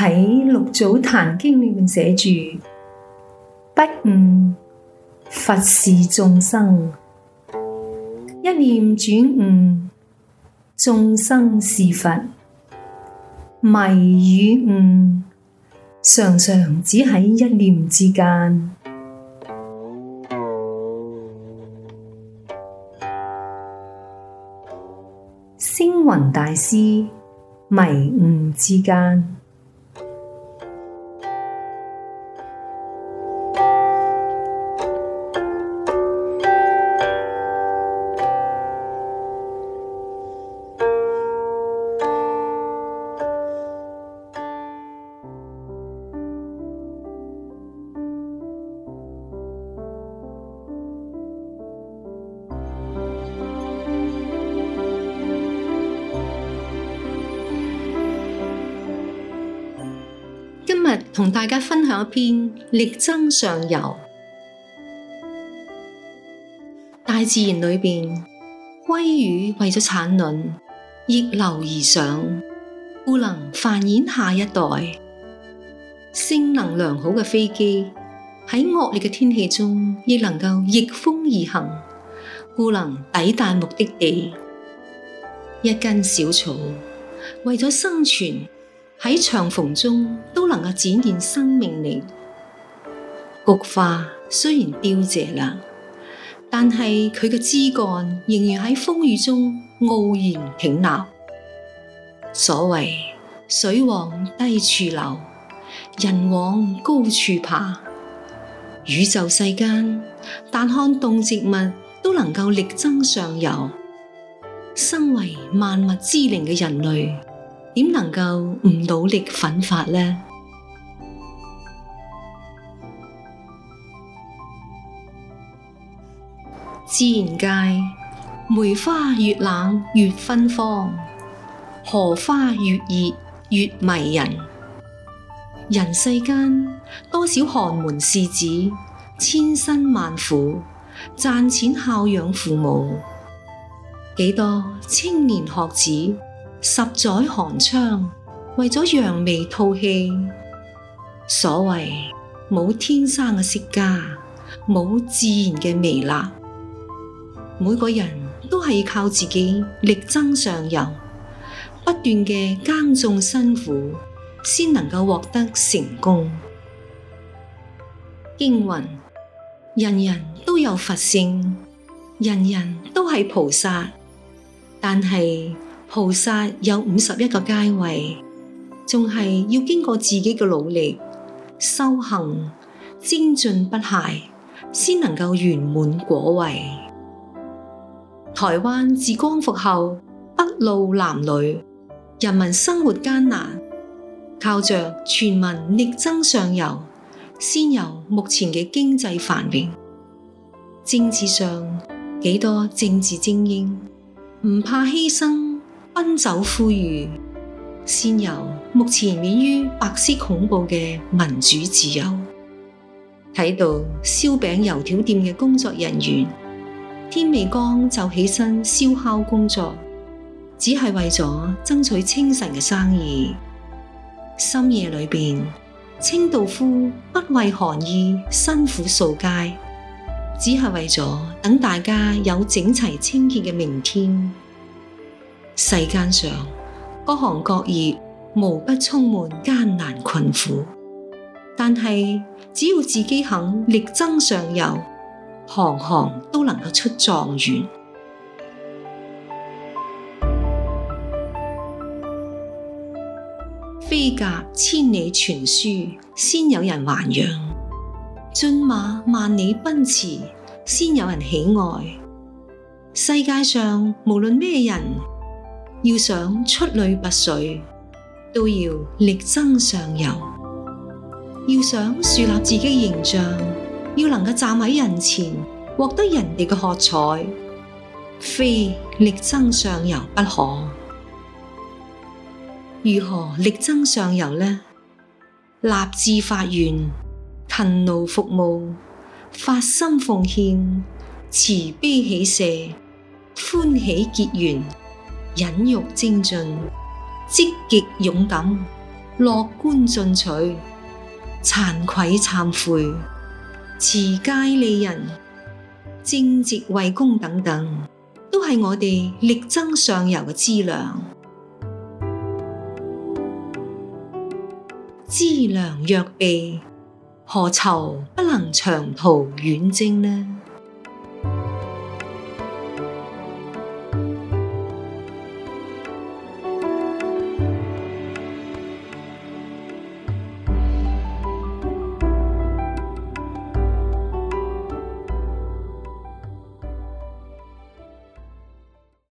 喺六祖壇經裏面寫住：不悟，佛是眾生，一念轉悟，眾生是佛，迷與悟，常常只喺一念之間。星雲大師，迷悟之間。同大家分享一篇力爭上游。大自然裏邊，鮭魚為咗產卵，逆流而上，故能繁衍下一代。性能良好嘅飛機喺惡劣嘅天氣中，亦能夠逆風而行，故能抵達目的地。一根小草為咗生存。喺牆縫中都能夠展現生命力。菊花雖然凋謝了，但係佢嘅枝幹仍然喺風雨中傲然挺立。所謂水往低處流，人往高處爬。宇宙世間，但看動植物都能夠力爭上游。身為萬物之靈嘅人類。點能夠唔努力奮發呢？自然界，梅花越冷越芬芳，荷花越熱越迷人。人世間，多少寒門士子，千辛萬苦賺錢孝養父母，幾多青年學子。十載寒窗，為咗揚眉吐氣。所謂冇天生嘅釋迦，冇自然嘅彌勒」，每個人都係靠自己力爭上游，不斷嘅耕種辛苦，先能夠獲得成功。經云，人人都有佛性，人人都係菩薩，但係。菩薩有五十一個階位，仲係要經過自己嘅努力、修行、精進不懈，先能夠圓滿果位。台灣自光復後，篳路藍縷，人民生活艱難，靠着全民力爭上游，先有目前嘅經濟繁榮。政治上幾多政治精英唔怕犧牲。奔走呼籲，先有目前免於白色恐怖嘅民主自由。睇到燒餅油條店嘅工作人員，天未光就起身燒烤工作，只係為咗爭取清晨嘅生意。深夜裏邊，清道夫不畏寒意，辛苦掃街，只係為咗等大家有整齊清潔嘅明天。世間上各行各業無不充滿艱難困苦，但係只要自己肯力爭上游，行行都能夠出狀元。飛鴿千里傳書，先有人豢養；駿馬萬里奔馳，先有人喜愛。世界上無論咩人。要想出類拔萃，都要力爭上游；要想樹立自己的形象，要能夠站喺人前，獲得人哋嘅喝彩，非力爭上游不可。如何力爭上游呢？立志發願，勤勞服務，發心奉獻，慈悲喜捨，歡喜結緣。忍辱精進，積極勇敢，樂觀進取，慚愧懺悔，持戒利人，正直為公等等，都係我哋力爭上游嘅資糧。資糧若備，何愁不能長途遠征呢？